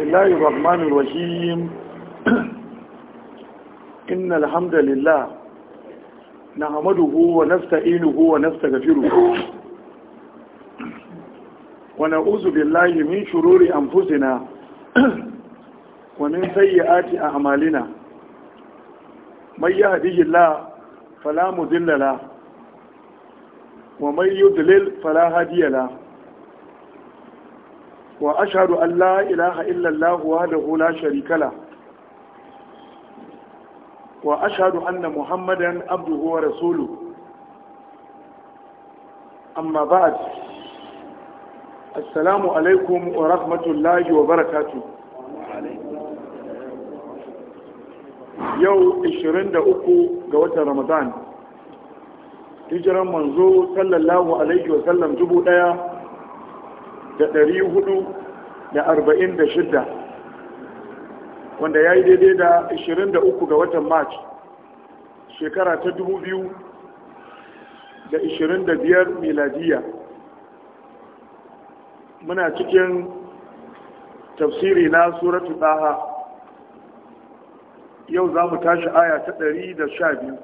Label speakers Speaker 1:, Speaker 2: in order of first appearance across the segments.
Speaker 1: lillahi rahmanu rahim inna alhamdulillah na hamaduhu wa nasta inuhu wa anfusina wa min sayyi'ati a'malina man yahdihi Allah fala mudilla la wa wa ashadu an la ilaha illallah wa da hula sharikala wa ashadu anna muhammadan abduhu wa rasulu amma ba'ad assalamu alaikum wa rahmatullahi wa barakatuh yau 23 ga watan ramadan hijiran manzo sallallahu alaihi wa sallam dubu ɗaya. da ɗari hudu da arba'in da shidda wanda ya yi daidai da 23 ga watan march shekara ta 2025 miladiya muna cikin tafsiri na suratu ɗaha yau za mu tashi aya ta 112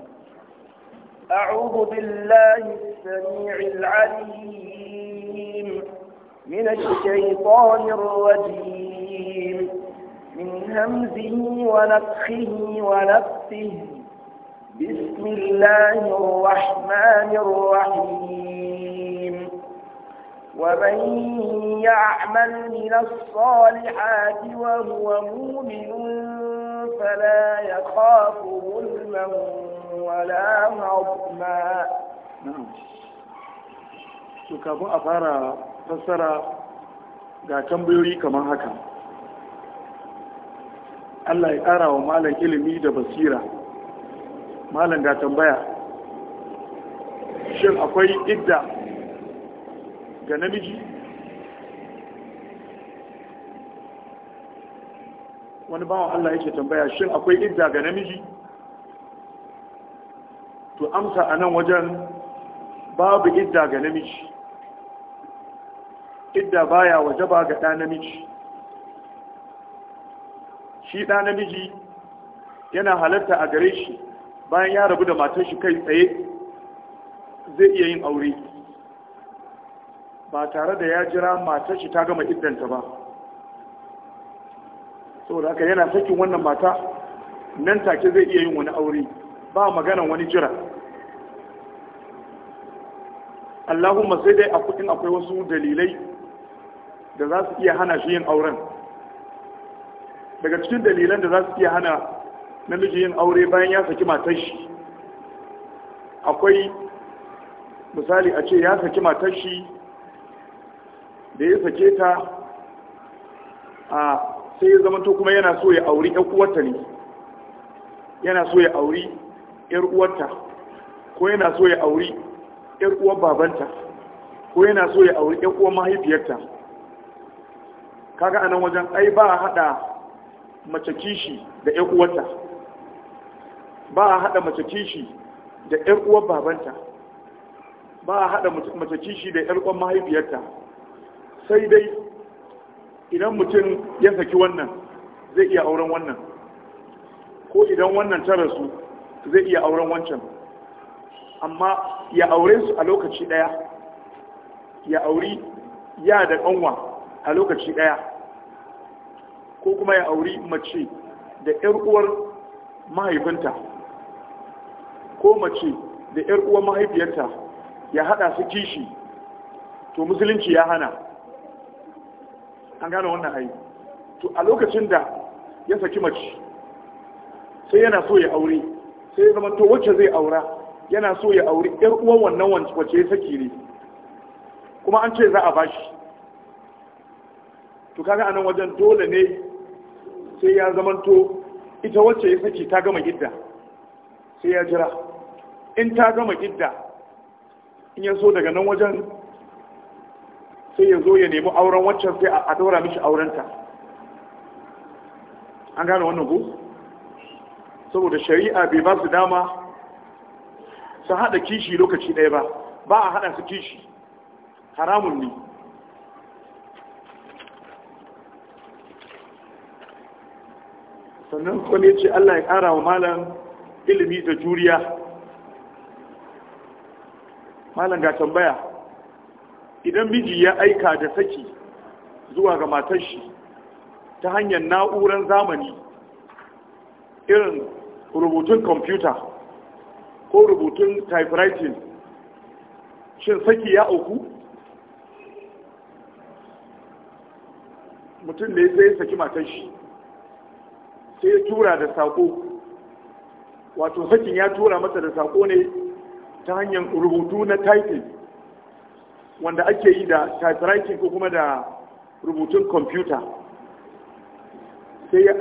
Speaker 2: أعوذ بالله السميع العليم من الشيطان الرجيم من همزه ونفخه ونفسه بسم الله الرحمن الرحيم ومن يعمل من الصالحات وهو مؤمن فلا يخاف ظلما ولا هضما نعم
Speaker 1: kafin a fassara ga tambayoyi kamar haka Allah ya ƙara wa malam ilimi da basira malam ga tambaya shin akwai idda ga namiji wani bawan Allah yake tambaya shin akwai idda ga namiji to amsa a nan wajen babu idda ga namiji idda baya ba ga ɗa namiji shi ɗa namiji yana halatta a gare shi bayan ya rabu da matar shi kai tsaye zai iya yin aure ba tare da ya jira matar shi ta gama iddanta ba saboda haka yana sakin wannan mata nan take zai iya yin wani aure ba magana wani jira Allahumma sai dai a akwai wasu dalilai da za su iya hana shi yin auren daga cikin dalilan da za su iya hana namiji yin aure bayan ya saki matar shi akwai misali a ce ya saki matar shi da ya sake ta a sai ya zama to kuma yana so ya auri 'yan uwarta ne yana so ya auri ƴar uwarta ko yana so ya auri ƴar uwar babanta ko yana so ya auri 'yan uwar mahaifiyarta kaga anan wajen ai ba a hada mace kishi da ƴan uwarta ba a hada mace kishi da ƴan uwar babanta ba hada mace kishi da ƴan uwar mahaifiyarta sai dai idan mutum ya saki wannan zai iya auren wannan ko idan wannan ta rasu zai iya auren wancan amma ya aure su a lokaci daya ya auri ya da kanwa a lokaci ɗaya ko kuma ya auri mace da 'yar uwar mahaifinta ko mace da 'yar uwar mahaifiyarta ya haɗa su kishi to musulunci ya hana an gane wannan hayi to a lokacin da ya saki mace sai yana so ya aure sai zama to wacce zai aura yana so ya aure 'yar uwar wannan wacce ya saki ne kuma an ce za a bashi to kaga anan wajen dole ne sai ya zamanto ita wacce ya saki ta gama idda sai ya jira in ta gama idda in ya so daga nan wajen sai ya zo ya nemi auren waccan sai a daura mishi aurenta an gane wannan ku saboda shari'a bai ba su dama su haɗa kishi lokaci ɗaya ba ba a haɗa su kishi haramun ne sannan wani ya ce Allah ya ƙara wa malam ilimi da juriya malam ga tambaya idan miji ya aika da saki zuwa ga matar shi ta hanyar na'urar zamani irin rubutun kwamfuta ko rubutun typewriting shin saki ya auku mutum ne sai saki matar shi sai ya tura da saƙo wato hakin ya tura masa da saƙo ne ta hanyar rubutu na typing wanda ake yi da typewriting ko kuma da rubutun kwamfuta sai ya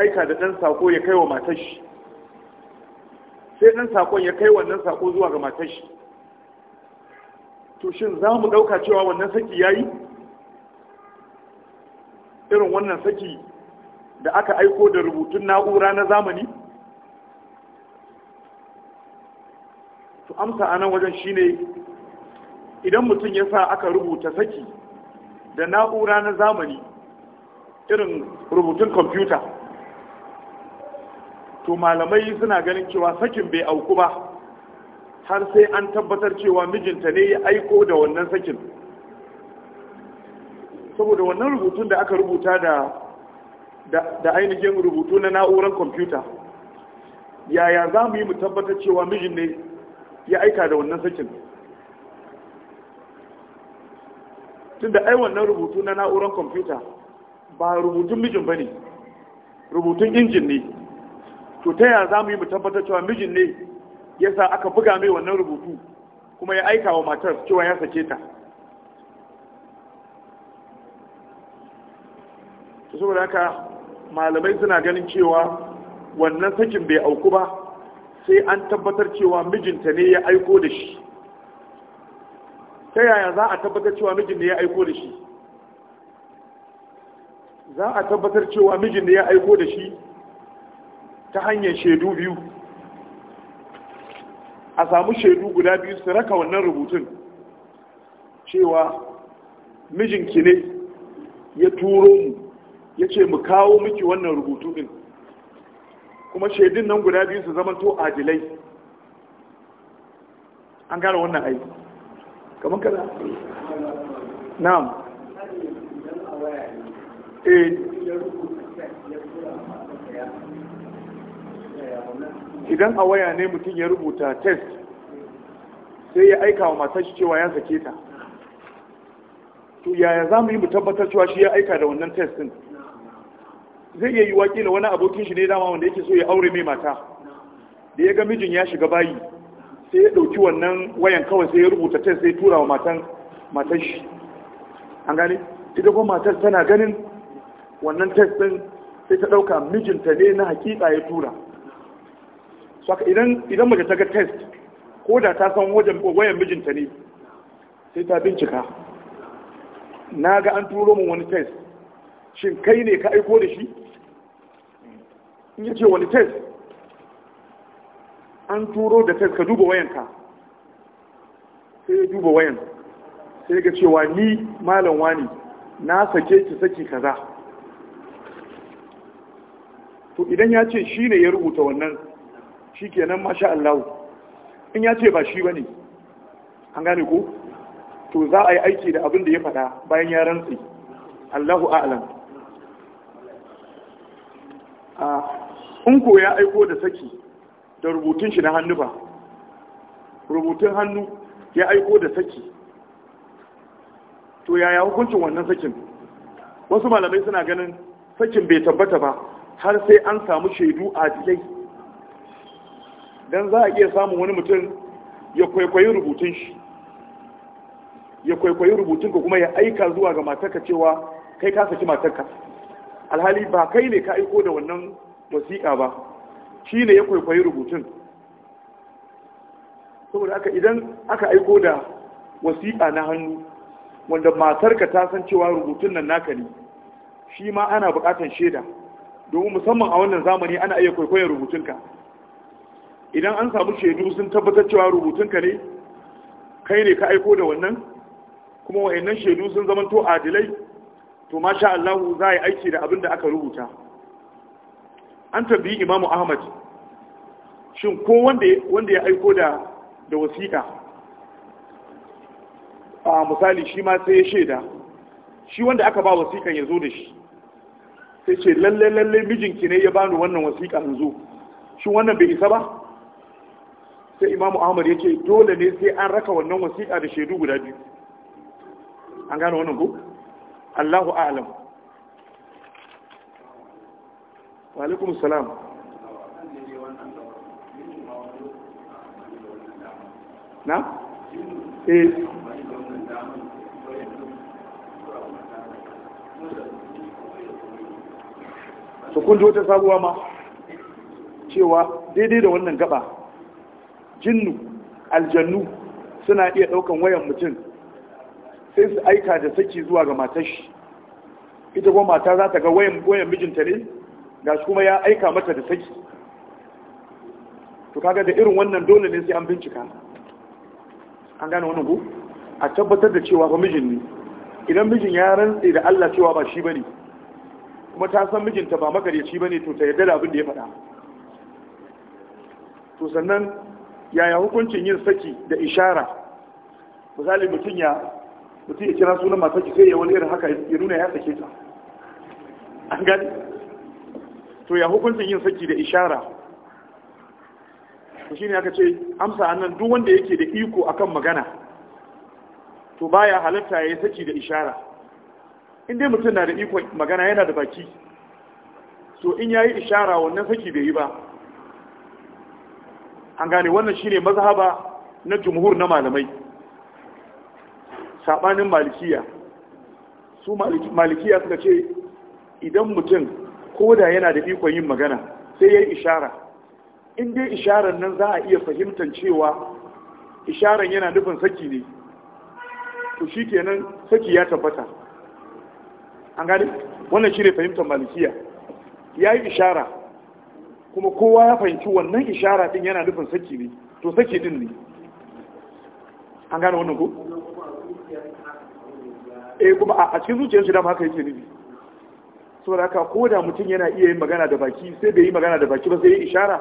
Speaker 1: aika da ɗan saƙo ya kai wa matashi sai ɗan saƙon ya kai wannan saƙo zuwa ga matashi to shin za mu ɗauka cewa wannan saki ya yi irin wannan saki da aka aiko da rubutun na'ura na zamani su amsa a nan wajen shine idan mutum ya sa aka rubuta saki da na'ura na zamani irin rubutun kwamfuta to malamai suna ganin cewa sakin bai auku ba har sai an tabbatar cewa mijinta ne ya aiko da wannan sakin saboda wannan rubutun da aka rubuta da da ainihin rubutu na na'urar kwamfuta yaya za mu yi mu tabbatar cewa mijin ne ya aika da wannan sakin tun da ai wannan rubutu na na'urar kwamfuta ba rubutun mijin ba ne rubutun injin ne to ta yaya za mu yi mu tabbatar cewa mijin ne ya sa aka buga mai wannan rubutu kuma ya aika wa matar cewa ya sake ta saboda haka malamai suna ganin cewa wannan sakin bai auku ba sai an tabbatar cewa mijinta ne ya aiko da shi ta yaya za a tabbatar cewa mijin ne ya aiko da shi za a tabbatar cewa mijin ne ya aiko da shi ta hanyar shaidu biyu a samu shaidu guda biyu su raka wannan rubutun cewa mijinki ne ya turo mu ya ce mu kawo miki wannan rubutu ɗin kuma shaidun nan guda biyu su zamanto adilai an gara wannan aiki kamar kada na'am eh idan a waya ne mutum ya rubuta test sai ya aika wa matashi cewa ya sake ta to yaya za mu yi mu tabbatar cewa shi ya aika da wannan test din zai iya yi wakila wani abokin shi ne dama wanda yake so ya aure mai mata da ya ga mijin ya shiga bayi sai ya dauki wannan wayan kawai sai ya rubuta ta sai tura wa matan matan shi an gane ita kuma matar tana ganin wannan test din sai ta dauka mijinta ne na hakika ya tura saka idan idan mace ta ga test ko da ta san wajen wayan mijinta ne sai ta bincika na ga an turo mun wani test shin kai ne ka aiko da shi in ya ce wani tes an turo da tes ka duba wayanka sai ya duba wayan sai ga cewa ni malam wani na sake ki saki kaza to idan ya ce shi ne ya rubuta wannan shi kenan masha Allah in ya ce ba shi ba ne an gane ko to za a yi aiki da abin da ya faɗa bayan ya rantsi Allahu a'alam in ko ya aiko da saki da rubutun shi na hannu ba rubutun hannu ya aiko da saki to yaya hukuncin wannan sakin wasu malamai suna ganin sakin bai tabbata ba har sai an samu shaidu a jikai. don za a iya samun wani mutum ya kwaikwayi rubutun shi ya kwaikwayi rubutun ka kuma ya aika zuwa ga matarka cewa kai ka saki matarka alhali ba kai ne ka aiko da wannan wasiƙa ba shi ne ya kwaikwayi rubutun saboda aka idan aka aiko da wasiƙa na hannu wanda matarka ta san cewa rubutun nan naka ne shi ma ana buƙatar shaida domin musamman a wannan zamani ana iya kwaikwayon rubutunka idan an samu shaidu sun tabbatar cewa rubutunka ne kai ne ka aiko da wannan kuma wa'annan shaidu sun zamanto adilai to masha Allah za a yi aiki da abin da aka rubuta an tambayi imamu ahmad shin ko wanda ya aiko da da wasiƙa a misali shi ma sai ya shaida shi wanda aka ba wasiƙan ya zo da shi sai ce lalle lalle mijinki ne ya bani wannan wasiƙa in zo shi wannan bai isa ba sai imamu ahmad ya ce dole ne sai an raka wannan wasiƙa da shaidu guda biyu an gane wannan ko allahu a'lam wa alaikum salam na eh su wata sabuwa ma cewa daidai da wannan gaba jinnu aljannu suna iya daukan wayan mutum sai su aika da saki zuwa ga matashi ita kuma mata za ta ga wayan mijinta ne gashi kuma ya aika mata da saki to kaga da irin wannan dole ne sai an bincika an gane wannan ku a tabbatar da cewa ba mijin ne idan mijin ya rantse da Allah cewa ba shi bane kuma ta san mijinta ba makaryaci bane to ta yarda da abin da ya faɗa to sannan yaya hukuncin yin saki da ishara misali mutum ya mutum ya kira sunan matarki sai ya wani irin haka ya nuna ya sake ta an gani to ya hukuncin yin saki da ishara to shine aka ce amsa annan duk wanda yake da iko akan magana to baya halatta yayi saki da ishara in dai mutum na da iko magana yana da baki to in yayi ishara wannan saki bai yi ba an gane wannan shine mazhaba na jumhur na malamai sabanin malikiya su malikiya suka ce idan mutum ko da yana da ikon yin magana sai ya yi ishara in dai isharar nan za a iya fahimtar cewa isharar yana nufin saki ne to shi kenan saki ya tabbata an gani wannan shi ne fahimtar malikiya ya yi ishara kuma kowa ya fahimci wannan ishara din yana nufin saki ne to saki din ne an gane wannan ku? eh kuma a cikin zuciyar shi dama haka yake nufi saboda haka ko da mutum yana iya yin magana da baki sai bai yi magana da baki ba sai ya ishara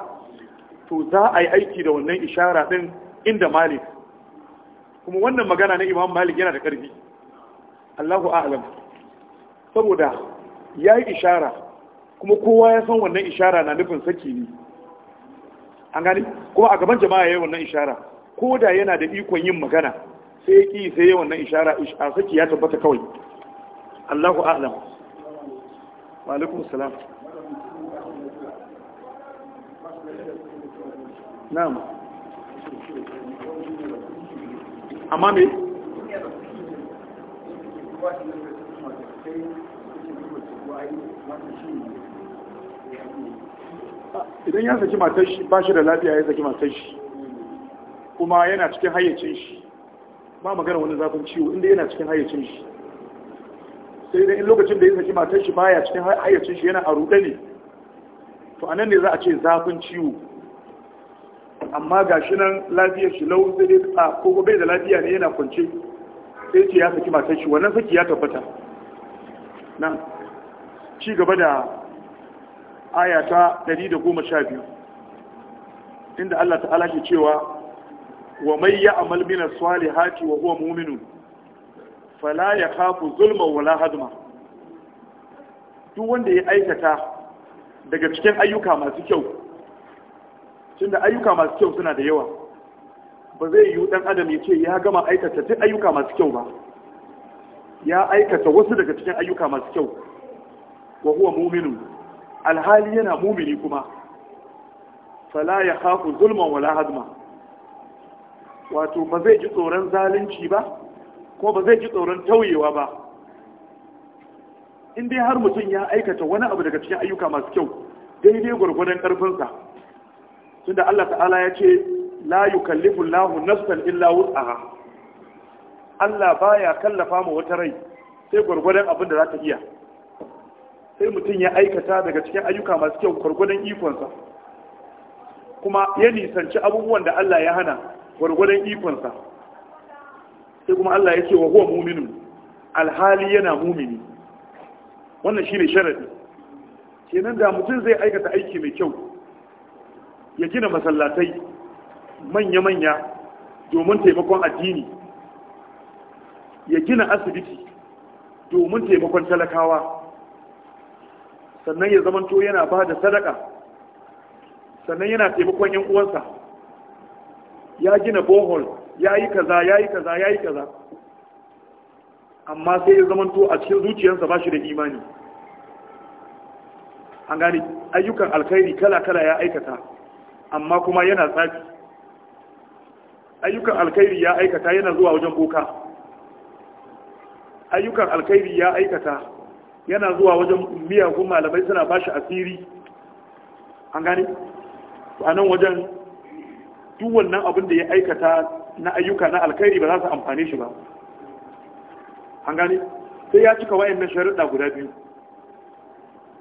Speaker 1: to za a yi aiki da wannan ishara din inda malik kuma wannan magana na imam malik yana da ƙarfi allahu a'lam saboda ya yi ishara kuma kowa ya san wannan ishara na nufin saki ne an gani kuma a gaban jama'a ya yi wannan ishara ko da yana da ikon yin magana sai ya ƙi sai ya wannan ishara a saki ya tabbata kawai allahu a'lam wa alaikum salam na'am amma me idan ya saki matar shi ba shi da lafiya ya saki matar shi kuma yana cikin hayyacin shi ba magana wani zafin ciwo inda yana cikin hayyacin shi sai dai lokacin da ya saki matar shi baya cikin hayyacin shi yana a ruɗe ne to anan ne za a ce zafin ciwo amma ga shi nan lafiyar shi lau zai dai a kogo bai da lafiya ne yana kwance sai ce ya saki matar shi wannan saki ya tabbata nan ci gaba da aya ta 112 inda Allah ta'ala ke cewa wa ya ya min as-salihati wa huwa mu'minun fala ya kafu zulma wala hadma duk wanda ya aikata daga cikin ayyuka masu kyau tunda ayyuka masu kyau suna da yawa ba zai yi dan adam ya ce ya gama aikata duk ayyuka masu kyau ba ya aikata wasu daga cikin ayyuka masu kyau wa huwa muminu alhali yana mumini kuma fala ya kafu zulman wala hadma wato ba zai ji tsoron zalunci ba ko ba zai ji tsoron tauyewa ba in dai har mutum ya aikata wani abu daga cikin ayyuka masu kyau daidai gwargwadon ƙarfinsa tunda Allah ta'ala ya ce la yukallifu Allahu nafsan illa wus'aha Allah baya kallafa mu wata rai sai gwargwadon abin da za ta iya sai mutum ya aikata daga cikin ayyuka masu kyau gwargwadon ikonsa kuma ya nisanci abubuwan da Allah ya hana gwargwadon ikonsa sai kuma Allah ya ce wa huwa mu'minun alhali yana mumini wannan shine sharadi kenan da mutum zai aikata aiki mai kyau ya gina masallatai manya-manya domin taimakon addini ya gina asibiti domin taimakon talakawa sannan ya zamanto yana ba da sadaka sannan yana taimakon 'yan uwansa ya gina bohol ya yi kaza ya yi kaza ya yi kaza amma sai ya zamanto a cikin zuciyarsa ba shi da imani an gani ayyukan alkhairi kala-kala ya aikata amma kuma yana tsafi ayyukan alkhairi ya aikata yana zuwa wajen boka ayyukan alkhairi ya aikata yana zuwa wajen miyagun malamai suna ba shi asiri an gani a nan wajen duk wannan abin da ya aikata na ayyuka na alkhairi ba za su amfane shi ba an gane sai ya cika na sharuɗa guda biyu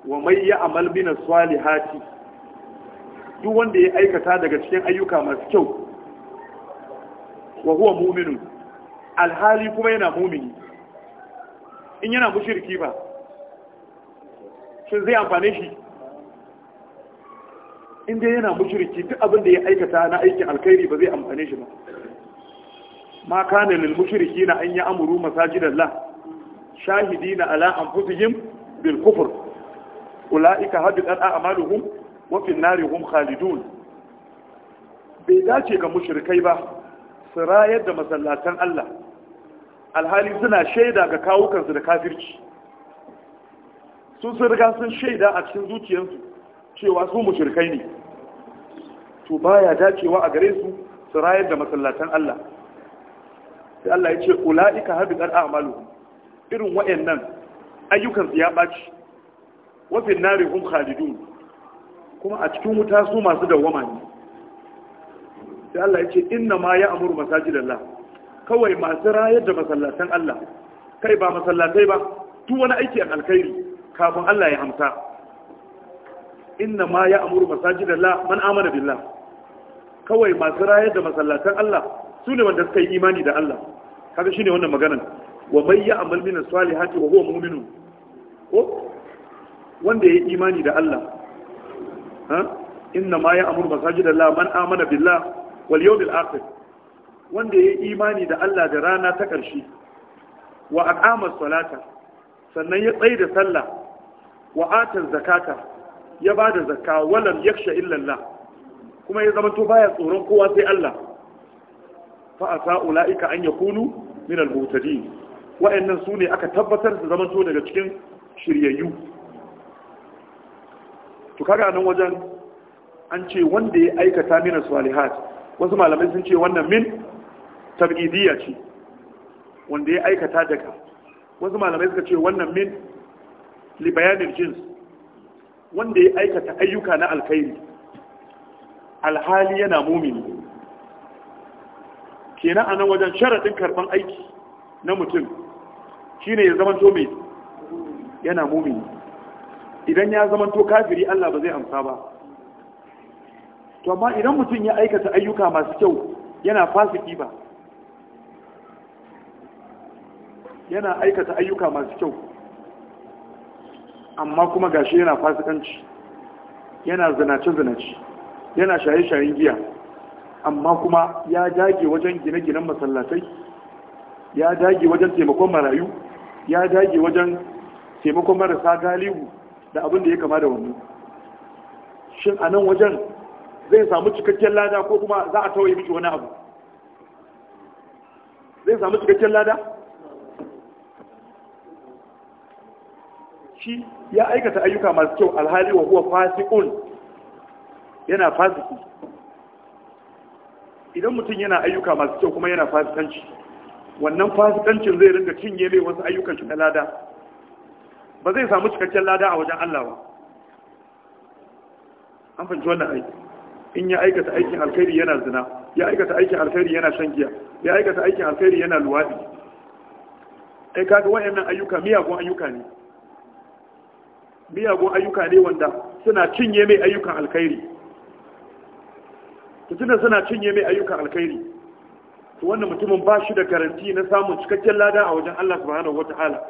Speaker 1: wa mai ya amal swali hati. duk wanda ya aikata daga cikin ayyuka masu kyau wa huwa muminu alhali kuma yana mumini in yana mushirki ba shin zai amfane shi in dai yana mushirki duk abin da ya aikata na aikin alkhairi ba zai amfane shi ba ma kana lil mushrikina an amuru masajidallah shahidina ala anfusihim bil kufr ulaika habitat a'maluhum wa fi nari hum khalidun bai dace ga mushrikai ba su rayar da masallatan Allah alhali suna shaida ga kawukansu da kafirci sun riga sun shaida a cikin zuciyarsu cewa su mushrikai ne to baya dacewa a gare su su rayar da masallatan Allah sai Allah ya ce ula'ika habidar a'malu irin wayannan ayyukan su ya baci wa fil nari hum khalidun kuma a cikin wuta su masu dawwama ne sai Allah ya ce inna ma ya'muru masajidallah kawai masu rayar da masallatan Allah kai ba masallatai ba duk wani aiki a alkhairi kafin Allah ya amsa inna ma ya'muru masajidallah man amana billah kawai masu rayar da masallatan Allah su ne wanda suka yi imani da Allah kaga shine wannan maganan wa may ya'mal min as-salihati wa huwa ko wanda yayi imani da Allah ha inna ma ya'muru masajidallah man amana billah wal yawmil akhir wanda yayi imani da Allah da rana ta ƙarshe wa aqama salata sannan ya tsaye da sallah wa zakata ya bada zakka walam yakhsha illa Allah kuma ya zama to baya tsoron kowa sai Allah fa asa ulaika an yakunu min al Wa wa'annan sune aka tabbatar su zamanto daga cikin shiryayyu to kaga nan wajen an ce wanda ya aikata mina salihat wasu malamai sun ce wannan min tabidiyya ce wanda ya aikata daga wasu malamai suka ce wannan min libayanin jins wanda ya aikata ayyuka na alkhairi alhali yana mumini kenan a nan wajen sharaɗin karɓar aiki na mutum shine ya zamanto mai yana mumi idan ya zamanto kafiri Allah ba zai amsa ba to amma idan mutum ya aikata ayyuka masu kyau yana fasiki ba yana aikata ayyuka masu kyau amma kuma gashi yana fasikanci yana zinace-zinace yana shaye-shayen giya amma kuma ya dage wajen gine-ginen masallatai ya dage wajen taimakon marayu ya dage wajen taimakon marasa galihu da abin da ya kama da wani shin a nan wajen zai samu cikakken lada ko kuma za a tawaye miki wani abu zai samu cikakken lada shi ya aikata ayyuka masu kyau alhali wa huwa fasikun yana fasiki idan mutum yana ayyuka masu kyau kuma yana fasikanci wannan fasikancin zai rinka cinye mai wasu ayyukan shi na lada ba zai samu cikakken lada a wajen Allah ba an fahimci wannan aiki in ya aikata aikin alkhairi yana zina ya aikata aikin alkhairi yana shan giya ya aikata aikin alkhairi yana luwadi ai kaga wayannan ayyuka miyagun ayyuka ne miyagun ayyuka ne wanda suna cinye mai ayyukan alkhairi tunan suna cinye mai ayyukan alkhairi to wannan mutumin ba shi da garanti na samun cikakken lada a wajen Allah subhanahu ta'ala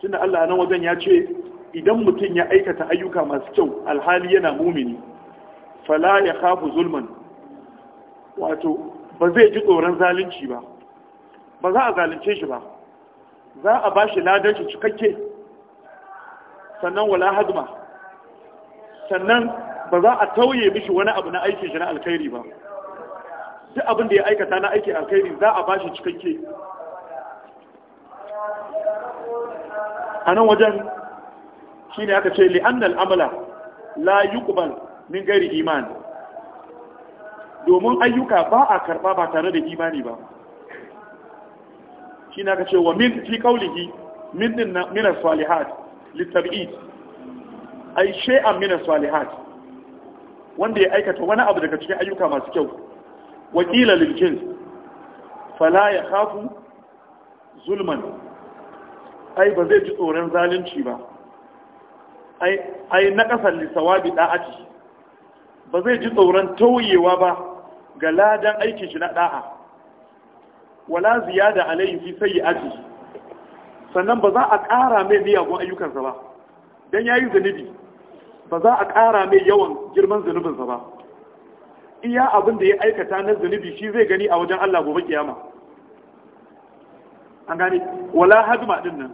Speaker 1: tunan Allah nan wajen ya ce idan mutum ya aikata ayyuka masu kyau alhali yana mumini fala ya khafu zulman wato ba zai ji tsoron zalunci ba ba za a zalunce shi ba za a ba shi ladan cikakke sannan wala hadma sannan ba za a tauye mishi wani abu na aikin shi na alkhairi ba duk abin da ya aikata na aikin alkhairi za a bashi cikakke a nan wajen shi ne aka ce li'annal amala la yuqbal min gari iman domin ayyuka ba a karba ba tare da imani ba shi ne aka ce wa min fi qawlihi min min salihat litab'id ay shay'an min salihat wanda ya aikata wani abu daga cikin ayyuka masu kyau wakila lil fala ya khafu zulman ai ba zai ji tsoron zalunci ba ai na kasar lissawabi da'aci ba zai ji tsoron tauyewa ba ga ladan aikin shi na da'a wala ziyada alayhi fi sayyi'ati sannan ba za a ƙara mai miyagun ayyukansa ba dan yayi zanibi ba za a ƙara mai yawan girman zunubinsa ba iya abin da ya aikata na zunubi shi zai gani a wajen Allah gobe kiyama an gane wala hazma din nan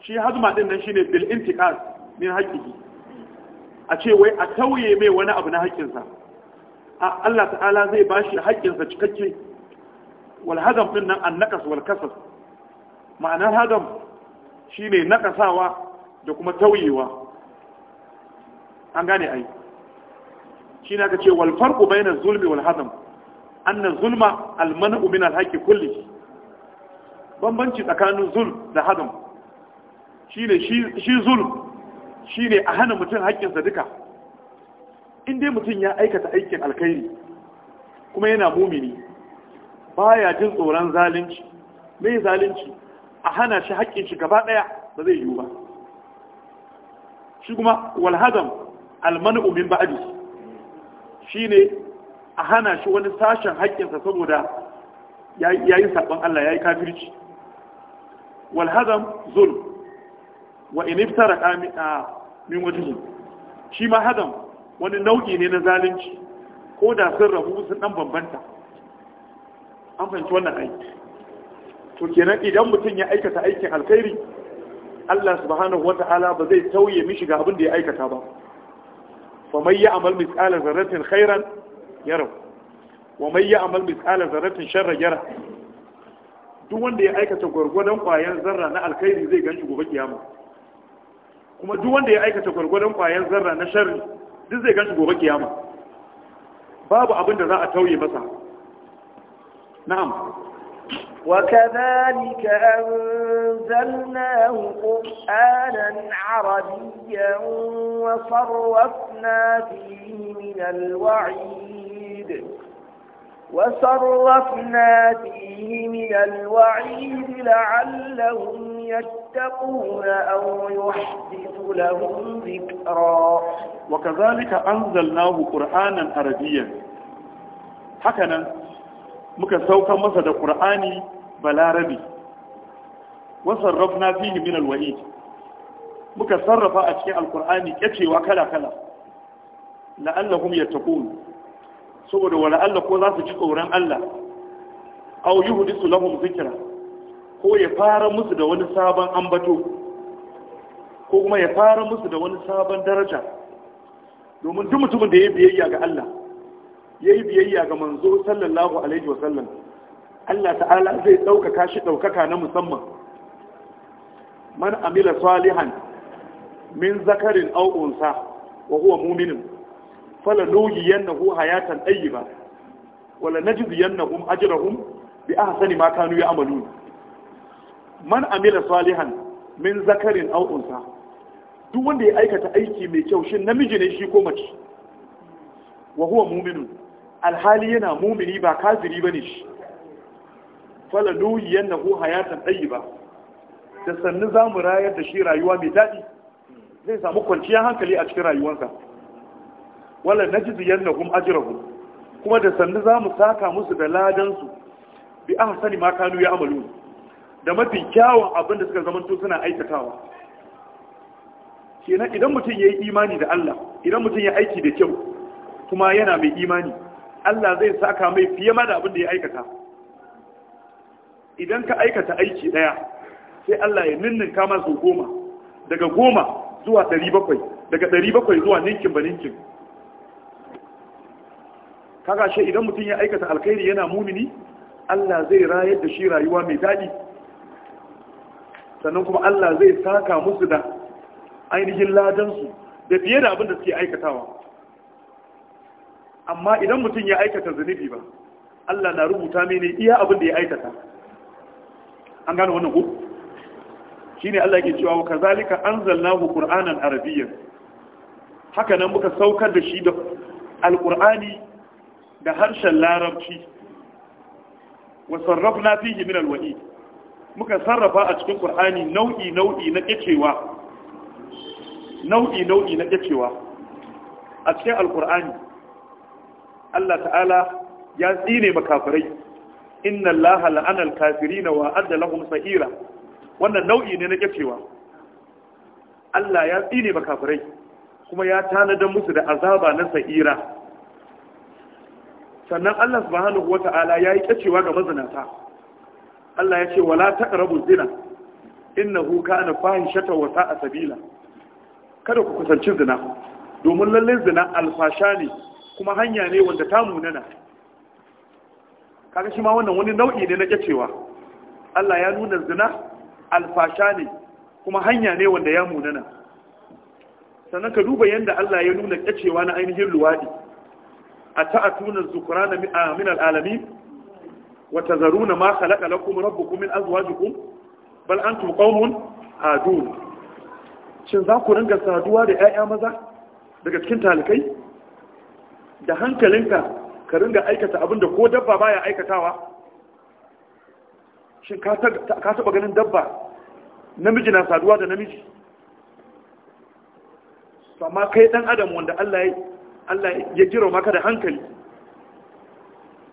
Speaker 1: shi hazma din nan shine bil intiqas min haqqihi a ce wai a tauye mai wani abu na haƙƙinsa a Allah ta'ala zai bashi haƙƙinsa cikakke wal hazam din nan an naqas wal kasas ma'anar hazam shine nakasawa da kuma tauyewa an gane ai shi na ka ce wal farqu bayna zulmi wal hazm anna zulma al man'u min al haqqi kulli bambanci tsakanin zulm da hazm shine shi shi zulm shine a hana mutum haƙƙinsa duka in dai mutum ya aikata aikin alkhairi kuma yana mumini baya jin tsoron zalunci mai zalunci a hana shi haƙƙin shi gaba ɗaya ba zai yiwu ba shi kuma walhazam almanu min ba'di shine a hana shi wani sashen haƙƙinsa saboda yayin saɓon Allah yayi kafirci wal hazam Zul wa in iftara min wajhi shi ma hazam wani nau'i ne na zalunci ko da sun rabu sun dan bambanta an fahimci wannan aiki to kenan idan mutum ya aikata aikin alkhairi Allah subhanahu wata'ala ba zai tauye mishi ga abin da ya aikata ba fa mai مثقال ذرة خيرا zarratin ومن يعمل wa mai شرا amal duk wanda ya aikata gwargwadon kwayan zarra na alkhairi zai ganshi gobe kiyama kuma duk wanda ya aikata gwargwadon kwayan zarra na sharri duk zai ganshi gobe kiyama babu abin da za a tauye masa
Speaker 2: na'am وكذلك أنزلناه قرآنا عربيا وصرفنا فيه من الوعيد وصرفنا فيه من الوعيد لعلهم يتقون أو يحدث لهم ذكرا
Speaker 1: وكذلك أنزلناه قرآنا عربيا هكذا muka saukan masa da ƙur'ani balarabi wasarrafna fihi min alwa'id muka sarrafa a cikin alƙur'ani kyacewa kala-kala la'allahum yattaqun saboda wa Allah ko za su ci tsoron Allah aw yuhdisu lahum zikra ko ya fara musu da wani sabon ambato ko kuma ya fara musu da wani sabon daraja domin duk mutumin da ya biyayya ga Allah ya yi biyayya ga manzo sallallahu alaihi wasallam Allah ta'ala zai ɗaukaka shi ɗaukaka na musamman man amila salihan min zakarin aw unsa wa huwa muminin fala nuyiyannahu hayatan tayyiba wala najziyannahum ajrahum bi ahsani ma kanu ya'malun man amila salihan min zakarin aw unsa duk wanda ya aikata aiki mai kyau shin namiji ne shi ko mace wa huwa mu'minun alhali yana mumini ba kafiri bane shi falalu ko hayatan ba. da sannu za mu rayar da shi rayuwa mai daɗi zai samu kwanciyar hankali a cikin rayuwarsa wala najzi yannahum ajrahum kuma da sannu za mu saka musu da ladansu bi ahsani ma kanu ya amalu da mafi kyawun abin da suka zamanto suna aikatawa kenan idan mutum ya yi imani da Allah idan mutum ya aiki da kyau kuma yana mai imani Allah zai saka mai fiye ma da abin da ya aikata idan ka aikata aiki daya sai Allah ya ninnin ma su goma daga goma zuwa ɗari bakwai daga ɗari zuwa ninkin ba ninkin kaga shi idan mutum ya aikata alkhairi yana mumini Allah zai rayar da shi rayuwa mai daɗi sannan kuma Allah zai saka musu da ainihin Ladan su, da fiye da abin da suke aikatawa amma idan mutum ya aikata zunubi ba Allah na rubuta mene iya abin da ya aikata an gane wannan ko shine Allah yake cewa ka kazalika anzalnahu qur'anan arabiyyan haka nan muka saukar da shi da alqur'ani da harshen larabci wa sarrafna fihi min alwa'id muka sarrafa a cikin qur'ani nau'i nau'i na kacewa nau'i nau'i na kacewa a cikin alqur'ani Allah ta'ala ya tsine makafirai inna allaha la'ana kafirina wa adda lahum sa'ira wannan nau'i ne na kyacewa Allah ya tsine makafirai kuma ya tanadar musu da azaba na sa'ira sannan Allah subhanahu wata'ala ya yi kyacewa ga mazinata Allah ya ce wala taqrabu zina innahu kana fahishatan wa sa'a sabila kada ku kusanci zina domin lallai zina alfasha ne kuma hanya ne wanda ta munana kaga shi ma wannan wani nau'i ne na kyacewa Allah ya nuna zina alfasha ne kuma hanya ne wanda ya munana sannan ka duba yanda Allah ya nuna kyacewa na ainihin luwadi a ta'atuna zukurana min al'alamin wa tazaruna ma khalaqa lakum rabbukum min azwajikum bal antum qaumun adun shin za ku ringa saduwa da ƴaƴa maza daga cikin talikai da hankalinka ka ringa aikata abin da ko dabba baya aikatawa shin ka taba ganin dabba namiji na saduwa da namiji amma kai dan adam wanda Allah ya Allah ya jiro maka da hankali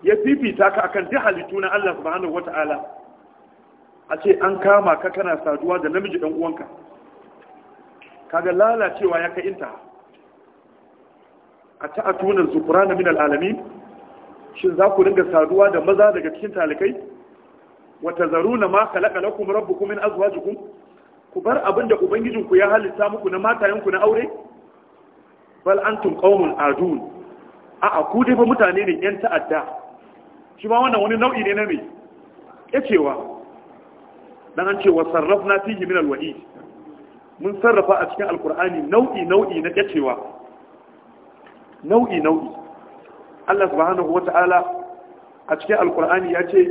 Speaker 1: ya fifita ka akan duk halittu na Allah subhanahu wata'ala a ce an kama ka kana saduwa da namiji dan uwanka kaga lalacewa ya kai inta a ta'atunan zukurana min al'alami shi za ku dinga saduwa da maza daga cikin talikai wata zaruna ma khalaqa lakum rabbukum min jikun ku bar abin da ubangijinku ya halitta muku na matayenku na aure bal an qaumun adun a a ku dai fa mutane ne yan ta'adda shi ma wannan wani nau'i ne na me cewa dan an cewa sarrafa na fihi min wa'i mun sarrafa a cikin Alƙur'ani nau'i nau'i na yacewa nau'i nau'i Allah subhanahu wata'ala a cikin alkur'ani ya ce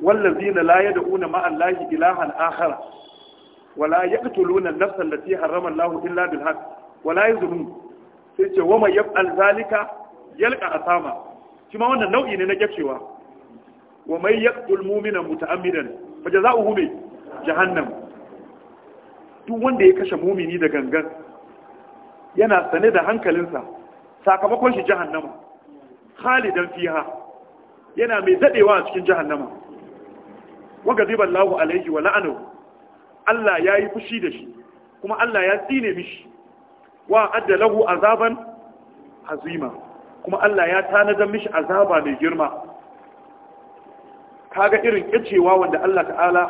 Speaker 1: wallazina la yad'una ma'a allahi ilahan akhara wala yaqtuluna an-nafsa allati harrama Allahu illa bil haqq wala yazlum sai ce wama yaf'al zalika yalqa asama shi ma wannan nau'i ne na gafcewa wa may yaqtul mu'mina muta'ammidan fa jazaohu bi jahannam duk wanda ya kashe mumini da gangan yana sane da hankalinsa sakamakon shi jahannama khalidan fiha yana mai dadewa a cikin jahannama wa gadiballahu Allahu alaihi wa la'anahu Allah yayi fushi da shi kuma Allah ya tsine mishi wa adda lahu azaban azima kuma Allah ya tanadar mishi azaba mai girma kaga irin kicewa wanda Allah ta'ala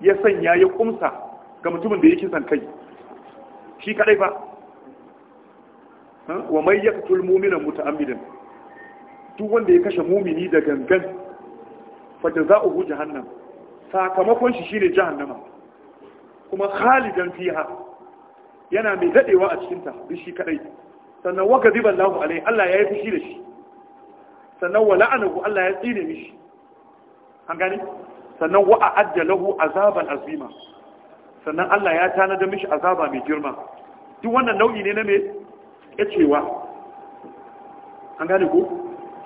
Speaker 1: ya sanya ya kumsa ga mutumin da yake san kai shi kadai fa wa mai yaqtul mu'mina muta'ammidan duk wanda ya kashe mumini da gangan za fa jazaohu jahannam sakamakon shi shi shine jahannama kuma khalidan fiha yana mai daɗewa a cikinta, ta shi kadai sannan wa gadiba Allahu alai Allah ya yi fushi da shi sannan wa la'anahu Allah ya tsine mishi an gani sannan wa a'adda lahu azaban azima sannan Allah ya tanada mishi azaba mai girma duk wannan nau'i ne na me cewa an gane ko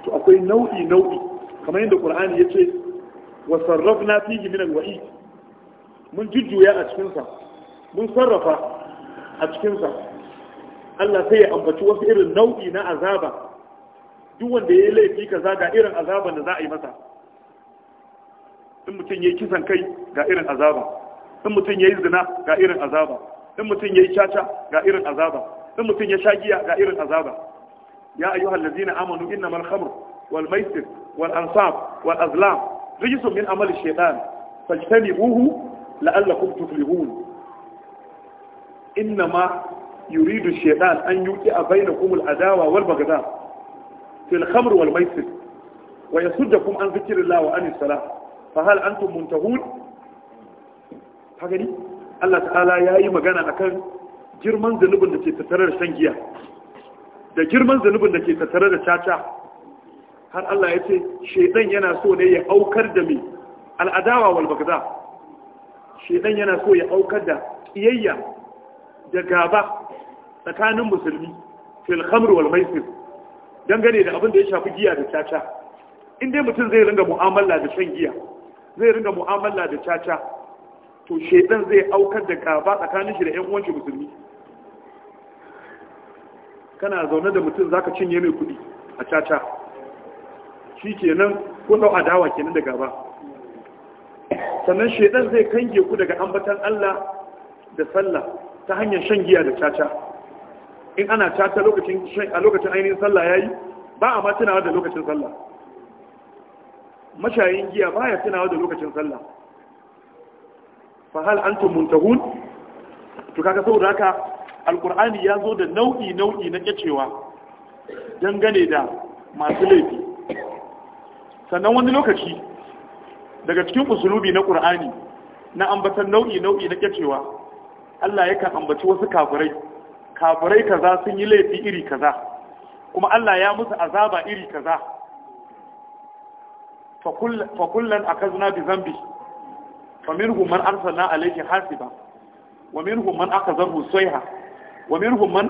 Speaker 1: to akwai nau'i nau'i kamar yadda qur'ani ya ce wa sarrafna fihi min alwa'id mun jujjuya a cikin sa mun sarrafa a cikin sa Allah sai ya ambaci wasu irin nau'i na azaba duk wanda ya yi laifi kaza ga irin azaban da za a yi masa in mutum ya yi kisan kai ga irin azaba in mutum ya yi zina ga irin azaba in mutum ya yi caca ga irin azaba in mutum ya sha giya ga irin azaba ya ayyuhal ladzina amanu innamal khamr wal maisir wal ansab wal azlam rijsun min amali shaytan fajtanibuhu la'allakum tuflihun innama yuridu shaytan an a bainakum al adawa wal baghdha fil khamr wal maisir wa yasuddakum an dhikrillah wa anis salah fa hal antum muntahun haka ni Allah ta'ala ya yi magana akan girman zanubin da ke tattare da shan giya da girman zanubin da ke tattare da caca har Allah ya ce shedan yana so ne ya aukar da mai al'adawa wal bagda shaidan yana so ya aukar da kiyayya da gaba tsakanin musulmi fil khamr wal maisir dangane da abin da ya shafi giya da caca in dai mutum zai ringa mu'amala da shan giya zai ringa mu'amala da caca to shedan zai aukar da gaba tsakanin shi da ƴan uwanci musulmi kana zaune da mutum zaka cinye mai kuɗi a caca shi kenan ko dau adawa kenan da gaba sannan shaidan zai kange ku daga ambatan Allah da sallah ta hanyar shan giya da caca in ana caca lokacin a lokacin ainihin sallah yayi ba a ma tunawa lokacin sallah mashayin giya baya tunawa da lokacin sallah fa hal antum muntahun to kaga saboda alkur'ani ya zo da nau'i nau'i na kyacewa dangane da masu laifi sannan wani lokaci daga cikin usulubi na ƙur'ani na ambatan nau'i nau'i na kyacewa Allah ya kan ambaci wasu kafirai kafirai kaza sun yi laifi iri kaza kuma Allah ya musu azaba iri kaza fa kullan akazna bi zambi fa minhum man arsalna alayhi hasiba wa minhum man akazarhu sayha ومنهم من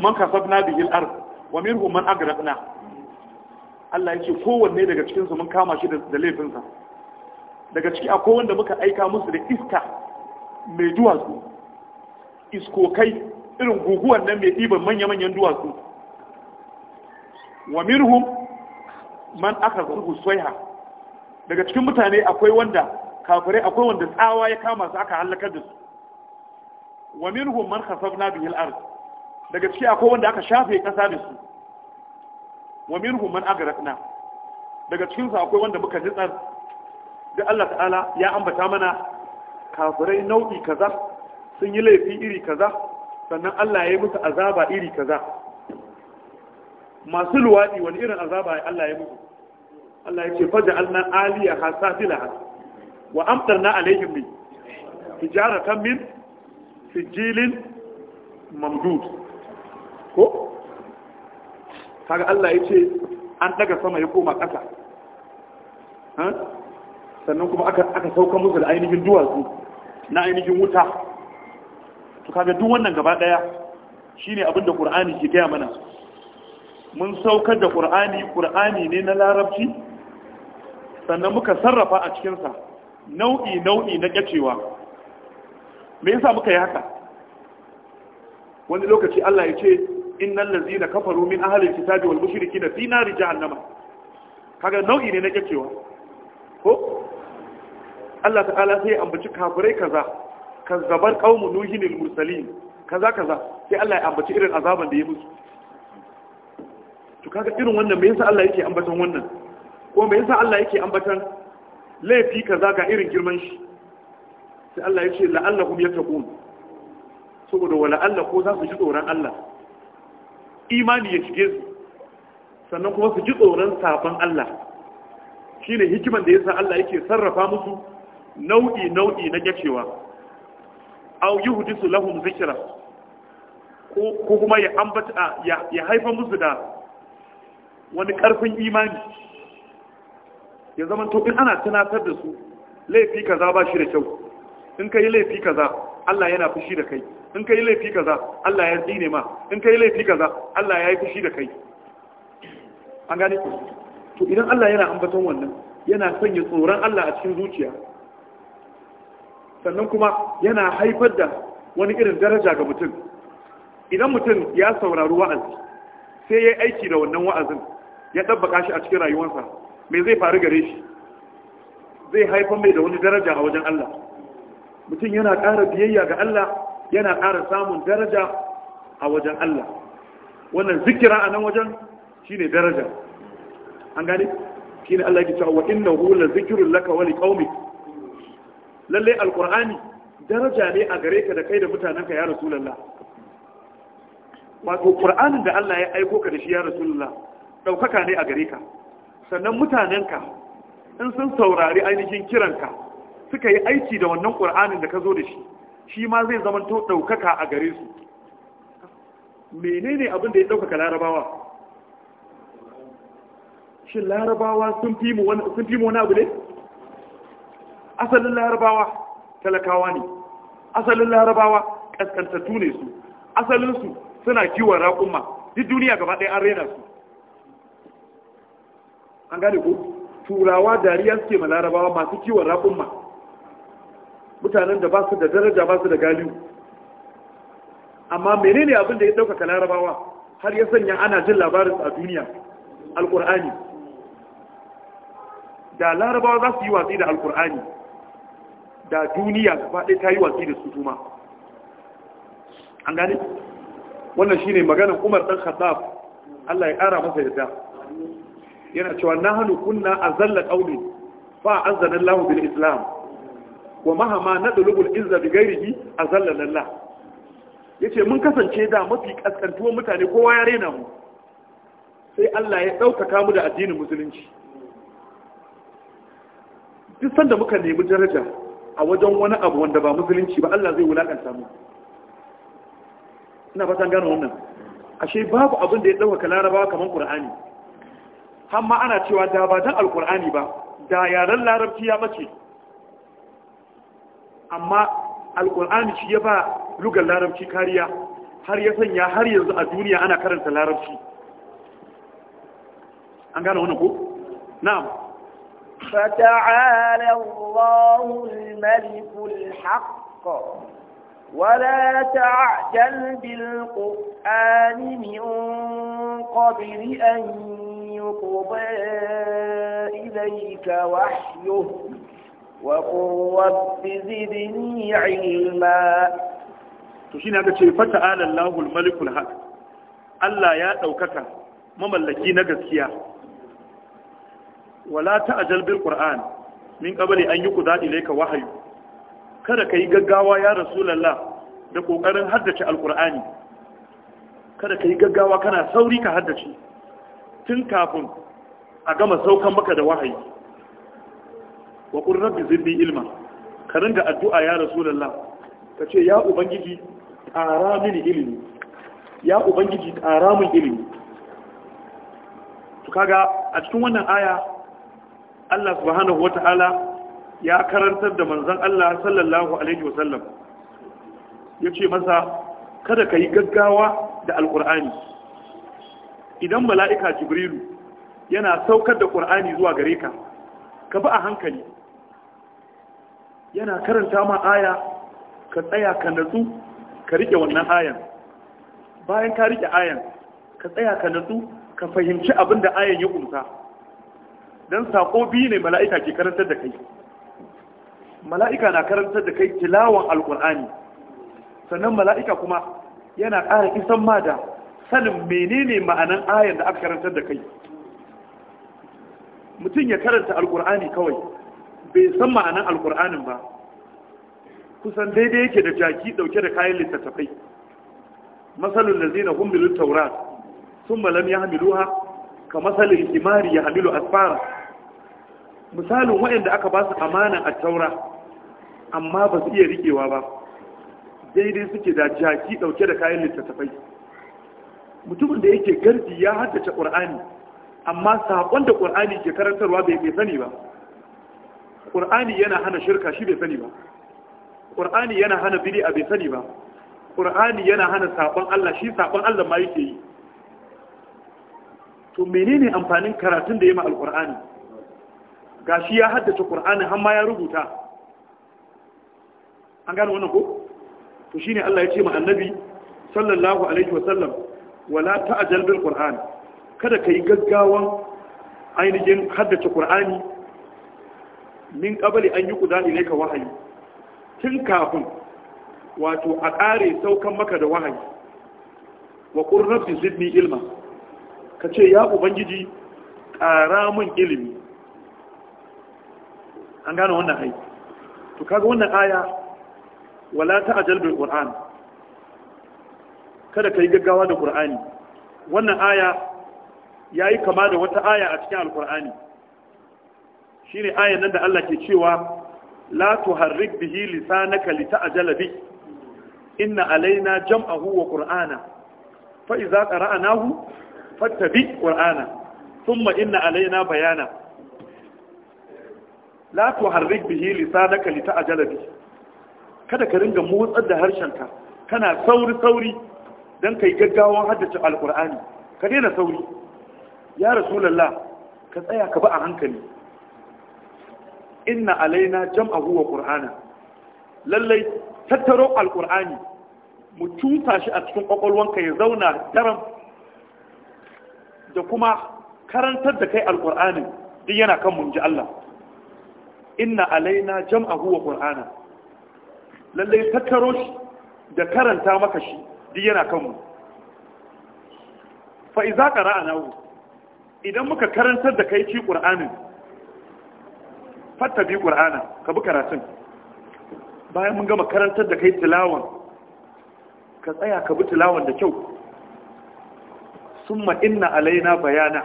Speaker 1: man man به الارض ومنهم من اغرقنا الله man agraqna Allah ya ce kowanne daga cikin su mun kama shi da laifinsa daga ciki akwai wanda muka aika musu da iska mai duwatsu iskokai irin guguwan nan mai ɗiban manya-manyan duwatsu wa minhum man aka zuhu soyha daga cikin mutane akwai wanda kafirai akwai wanda tsawa ya kama su aka halakar da su wa minhum man khasafna bihi al-ard daga ciki akwai wanda aka shafe kasa da su wa minhum man agraqna daga cikin su akwai wanda muka nitsar da Allah ta'ala ya ambata mana kafirai nau'i kaza sun yi laifi iri kaza sannan Allah ya yi musu azaba iri kaza masu luwaɗi wani irin azaba ya Allah ya musu Allah ya ce faja alna aliya hasafilaha wa amtarna alaihim bi hijaratan min sijilin mamdud ko kaga Allah ya ce an daga sama ya koma ƙasa sannan kuma aka aka sauka musu da ainihin duwatsu na ainihin wuta to kaga duk wannan gaba daya shine abin da Qur'ani ke gaya mana mun saukar da Qur'ani Qur'ani ne na Larabci sannan muka sarrafa a cikinsa nau'i nau'i na kyacewa me yasa muka yi haka wani lokaci Allah ya ce innal ladzina kafaru min ahli alkitabi wal mushrikin fi nari jahannama kaga nau'i ne na kyakkyawa ko Allah ta'ala sai ya ambaci kafirai kaza kazzabar qaumu nuhin al mursalin kaza kaza sai Allah ya ambaci irin azaban da ya musu to kaga irin wannan me yasa Allah yake ambatan wannan ko me yasa Allah yake ambatan laifi kaza ga irin girman shi sai Allah ya ce la'allakum yattaqun saboda wa la'alla ko za su ji tsoron Allah imani ya cike su sannan kuma su ji tsoron sabon Allah shine hikiman da yasa Allah yake sarrafa musu nau'i nau'i na gacewa aw yuhdisu lahum zikra ko kuma ya ambata ya haifa musu da wani karfin imani ya zama to in ana tunatar da su laifi kaza ba shi da kyau in kai laifi kaza Allah yana fushi da kai in kai laifi kaza Allah ya tsine ma in kai laifi kaza Allah ya yi fushi da kai an gane ku to idan Allah yana ambaton wannan yana sanya tsoron Allah a cikin zuciya sannan kuma yana haifar da wani irin daraja ga mutum idan mutum ya saurari wa'azi sai ya aiki da wannan wa'azin ya tabbaka shi a cikin rayuwarsa me zai faru gare shi zai haifar mai da wani daraja a wajen Allah mutum yana ƙara biyayya ga Allah yana ƙara samun daraja a wajen Allah wannan zikira a nan wajen shi ne daraja an gane ne Allah ya wa inna hu la zikrun laka wa liqaumik lalle alqur'ani daraja ne a gare ka da kai da mutananka ya rasulullah wato qur'anin da Allah ya aiko ka da shi ya rasulullah daukaka ne a gare ka sannan ka in sun saurari ainihin kiranka suka yi aiki da wannan ƙur'anin da ka zo da shi shi ma zai zama to ɗaukaka a gare su menene abin da ya ɗaukaka larabawa shin larabawa sun fi mu wani abu ne asalin larabawa talakawa ne asalin larabawa ƙasƙantattu ne su asalinsu suna kiwon raƙumma duk duniya gaba ɗaya an rena su an gane ko turawa dariya suke ma larabawa masu kiwon raƙumma mutanen da ba su da daraja ba su da galiu amma menene abin da ya ɗaukaka larabawa har ya sanya ana jin labarin a duniya alƙur'ani da larabawa za su yi watsi da alƙur'ani da duniya faɗi ta yi watsi da su tuma an gani wannan shine maganar umar ɗan khattab allah ya ƙara masa yadda. yana cewa na hannu kunna a zalla ƙauni ba azzanin lahu bil islam wa mahama na dalubul izza bi gairihi a zallalalla ya ce mun kasance da mafi kaskantuwan mutane kowa ya rena mu sai Allah ya ɗaukaka mu da addinin musulunci duk sanda muka nemi daraja a wajen wani abu wanda ba musulunci ba Allah zai wulakanta mu ina fatan gano wannan ashe babu abin da ya ɗaukaka laraba kamar ƙur'ani har ana cewa da ba dan alƙur'ani ba da yaren larabci ya mace amma alkur'ani shi ya ba lugar larabci kariya har ya sanya har yanzu a duniya ana karanta larabci an gane wannan ko na'am
Speaker 2: fata'ala Allahu al-maliku al-haqq ولا تعجل بالقرآن من قبل أن يقضى إليك وحيه وقل رب زدني علما تشين هذا شيء
Speaker 1: فتعالى الله الملك الحق الله يا دوكك mamallaki na gaskiya wala ta'jal bil qur'an min qabli an yuqda ilayka wahyu kada kai gaggawa ya rasu rasulullah da kokarin haddace alqur'ani kada kai gaggawa kana sauri ka haddace tun kafin a gama saukan maka da wahayi wa qur rabbi zidni ilma ka ringa addu'a ya rasulullah ka ce ya ubangiji ƙara mini ilimi ya ubangiji ƙara min ilimi su kaga a cikin wannan aya Allah subhanahu wata'ala ya karantar da manzan Allah sallallahu alaihi wasallam ce masa kada ka yi gaggawa da Alƙur'ani. idan mala'ika jibrilu yana saukar da ƙur'ani zuwa gare ka ka bi a hankali yana karanta ma aya ka tsaya ka natsu ka rike wannan ayan bayan ka rike ayan ka tsaya ka natsu ka fahimci abin da ayan ya kumsa Dan sako biyu ne mala'ika ke karantar da kai mala'ika na karantar da kai tilawan alkur'ani sannan mala'ika kuma yana ƙara isan ma da sanin menene ma'anan ayan da aka karantar da kai mutum ya karanta alkur'ani kawai bai san ma'anan alkur'anin ba kusan daidai yake da jaki dauke da kayan littattafai zina lazina taura sun malam ya hamilu ha ka ya himari yahmilu asfara misalin waɗanda aka ba su amanan a taura amma ba su iya riƙewa ba daidai suke da jaki dauke da kayan littattafai mutumin da yake gardi ya haddace ƙur'ani, amma sakon da ƙur'ani ke karantarwa bai sani ba ƙur'ani yana hana shirka shi bai sani ba ƙur'ani yana hana bid'a bai sani ba ƙur'ani yana hana sabon Allah shi sabon Allah ma yake yi to menene amfanin karatun da ya ma alƙur'ani gashi ya haddace ƙur'ani har ma ya rubuta an gane wannan ko to shine Allah ya ce ma annabi sallallahu alaihi wa sallam wala ta'jal bil qur'an kada kai gaggawan ainihin haddace qur'ani min qabli an yi ne ka wahayi tun kafin wato a ƙare saukan maka da wahayi wa qur zidni ilma kace ya ubangiji ƙara min ilimi an gane wannan ai to kaga wannan aya wala ajal bil qur'an kada kai gaggawa da qur'ani wannan aya yayi kama da wata aya a cikin alqur'ani shine ayan nan da Allah ke cewa la tuharrik bihi lisanaka lita'jala bi inna alaina jam'ahu wa qur'ana fa idza qara'nahu fattabi qur'ana thumma inna alaina bayana la tuharrik bihi lisanaka lita'jala bi kada ka ringa motsar da harshenka kana sauri sauri dan kai gaggawan haddace alqur'ani ka daina sauri ya rasulullah ka tsaya ka bi a hankali inna alaina jam'ahu wa qur'ana lallai tattaro alqur'ani mu cuta shi a cikin kwakwalwanka ya zauna daram da kuma karantar da kai alqur'anin duk yana kan mun ji Allah inna alaina jam'ahu wa qur'ana lallai tattaro shi da karanta maka shi duk yana kan mu fa iza qara'nahu idan muka karantar da kai ci qur'anin fatta bi qur'ana ka bi karatun bayan mun gama karantar da kai tilawan ka tsaya ka bi tilawan da kyau summa inna alaina bayana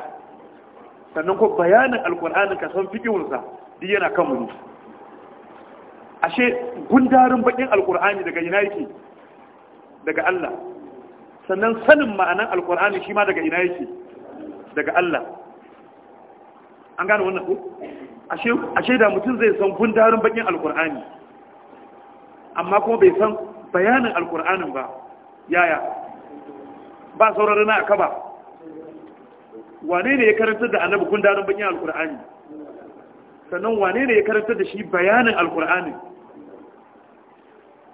Speaker 1: sannan ko bayanin alqur'anin ka san fiqhunsa duk yana kan mu ashe gundarin bakin alqur'ani daga ina yake daga Allah sannan sanin ma'anan alqur'ani shi ma daga ina yake daga Allah an gane wannan ko ashe da mutum zai san gundarin bakin alkur'ani amma kuma bai san bayanin alkur'anin ba yaya ba sauran na aka ba wane ne ya karantar da annabi gundarin bakin alkur'ani sannan wane ne ya karantar da shi bayanin alkur'anin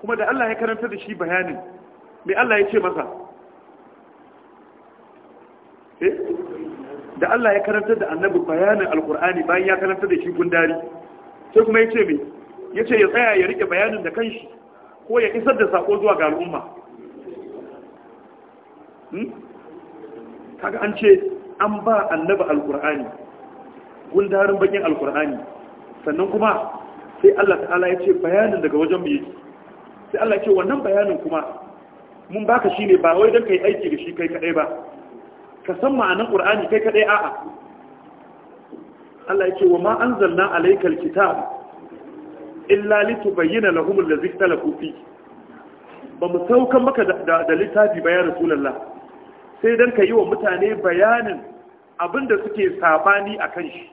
Speaker 1: kuma da Allah ya karantar da shi bayanin mai Allah ya ce masa eh da Allah ya karantar da annabi bayanin alkur'ani bayan ya karantar da shi gundari sai kuma ya ce mai ya ce ya tsaya ya rike bayanin da kanshi ko ya isar da sako zuwa ga al'umma hmm? kaga an ce an ba annabi alkur'ani gundarin bakin alkur'ani sannan kuma sai Allah ta'ala ya ce bayanin daga wajen mu yake sai Allah ya ce wannan bayanin kuma mun baka shi ne ba wai don kai aiki da shi kai kadai ba ka san ma'anan qur'ani kai kaɗai a'a Allah yake wa ma anzalna alaykal kitab illa litubayyana lahum da ikhtalafu fi ba mu saukan maka da littafi ba ya rasulullah sai dan ka yi wa mutane bayanin abinda suke sabani akan shi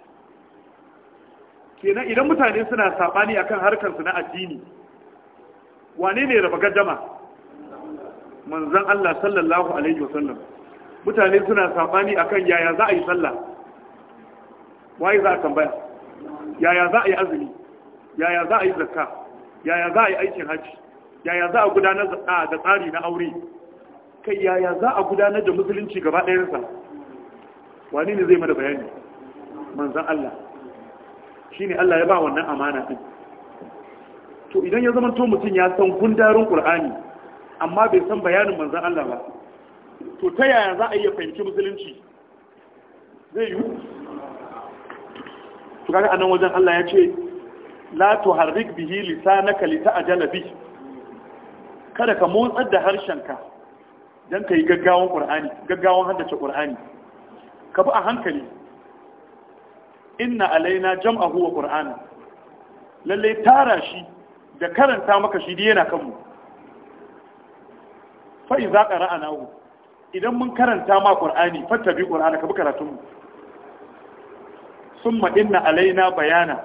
Speaker 1: kenan idan mutane suna sabani akan harkar su na addini wane ne raba gaddama manzon Allah sallallahu alaihi wasallam mutane suna sabani akan yaya za a yi sallah waye za a tambaya yaya za a yi azumi yaya za a yi zakka yaya za a yi aikin hajji yaya za a gudanar da tsari na aure kai yaya za a gudanar da musulunci gaba ɗayansa wani ne zai mada bayani manzan Allah shi ne Allah ya ba wannan amana ɗin to idan ya zama to mutum ya san gundarin ƙul'ani amma bai san bayanin manzan Allah ba to ta yaya za a iya fahimci musulunci zai yi to kaga anan wajen Allah ya ce la tuharrik bihi lisanaka a bi kada ka motsar da harshenka dan kai gaggawan qur'ani gaggawan haddace qur'ani ka bi a hankali inna alaina jam'ahu wa qur'ana lalle tara shi da karanta maka shi yana kanmu fa iza qara'anahu idan mun karanta ma qur'ani bi qur'ana ka bi karatun mu summa inna alaina bayana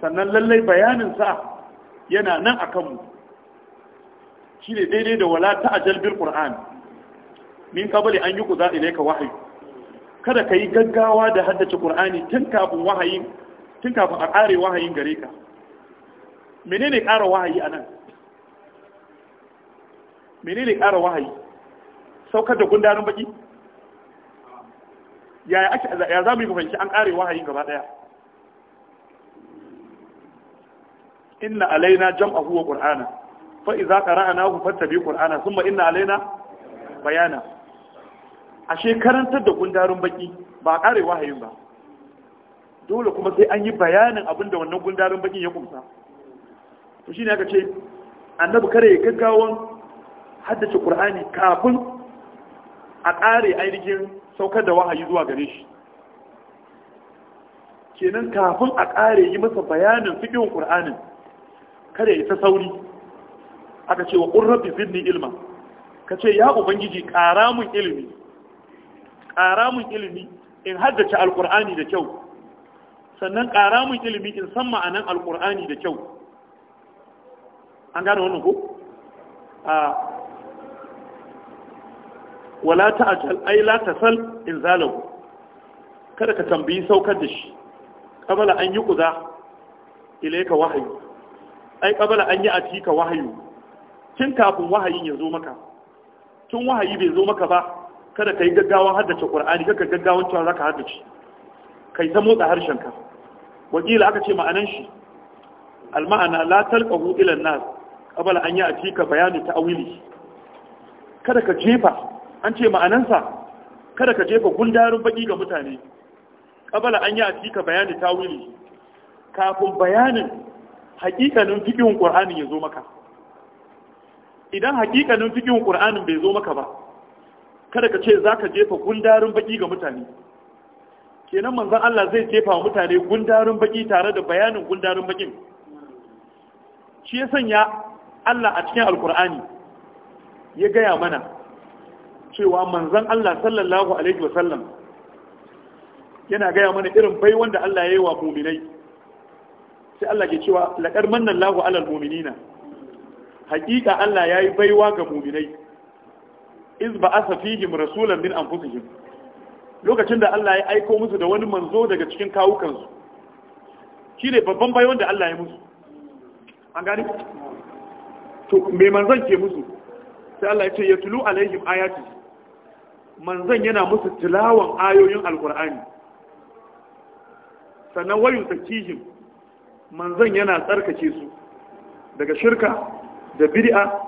Speaker 1: sannan lallai bayanin sa yana nan akan mu ne daidai da wala ajal bil qur'an min kabali an yuqza ka wahayi. kada ka yi gaggawa da haddace qur'ani tun kafin wahayi tun kafin a ƙare wahayin gare ka menene ƙara wahayi anan menene ƙara wahayi saukar da gundarin baki yaya ake ya za mu yi fahimci an kare wahayi gaba daya inna alaina jam'ahu wa qur'ana fa idza hu fattabi qur'ana thumma inna alaina bayana ashe karantar da gundarin baki ba kare wahayin ba dole kuma sai an yi bayanin abin da wannan gundarin baki ya kumsa to shine aka ce annabi kare ya gaggawan haddace qur'ani kafin a ƙare ainihin saukar da wahayi zuwa gare shi kenan kafin a ƙare yi masa bayanin fiƙin ƙur'anin kada ya ta sauri aka ce wa ƙurrabi zirni ilma ka ce ya ubangiji ƙara mun ilimi ƙara mun ilimi in haddace alƙur'ani da kyau sannan ƙara mun ilimi in san ma'anan alƙur'ani da kyau an gane wannan ko ah, wala ta'jal Ai la in inzalahu kada ka tambayi saukar da shi kabala an yi kuza Ilaika wahayu ai kabala an yi atika wahayu tun kafin wahayin ya zo maka tun wahayi bai zo maka ba kada ka yi gaggawan haddace ƙwar'ani kakar gaggawan cewa za ka haddace Kai ta motsa harshen ka. wakila aka ce ma'anan shi alma'ana la talqahu ila nas qabla an ya'ti ka bayanu ta'wili kada ka jefa an ce ma'anansa kada ka jefa gundarin baki ga mutane kabala an yi a cika bayani tawili kafin bayanin hakikanin fikin qur'anin ya zo maka idan hakikanin fikin qur'anin bai zo maka ba kada ka ce zaka jefa gundarin baki ga mutane kenan manzon Allah zai jefa mutane gundarin baki tare da bayanin gundarin bakin shi ya sanya Allah a cikin Alƙur'ani ya gaya mana cewa manzan Allah sallallahu alaihi wasallam yana gaya mana irin bai wanda Allah ya yi wa muminai sai Allah ke cewa laƙar mannan lahu alal muminina hakika Allah ya yi baiwa ga muminai iz ba asa fihim rasulan min anfusihim lokacin da Allah ya aiko musu da wani manzo daga cikin kawukansu shi ne babban bai wanda Allah ya musu an gani to me manzan ke musu sai Allah ya ce ya tulu alaihim ayati manzon yana musu tilawan ayoyin alkur'ani sannan wayu tsakihim manzon yana tsarkake su daga shirka da bid'a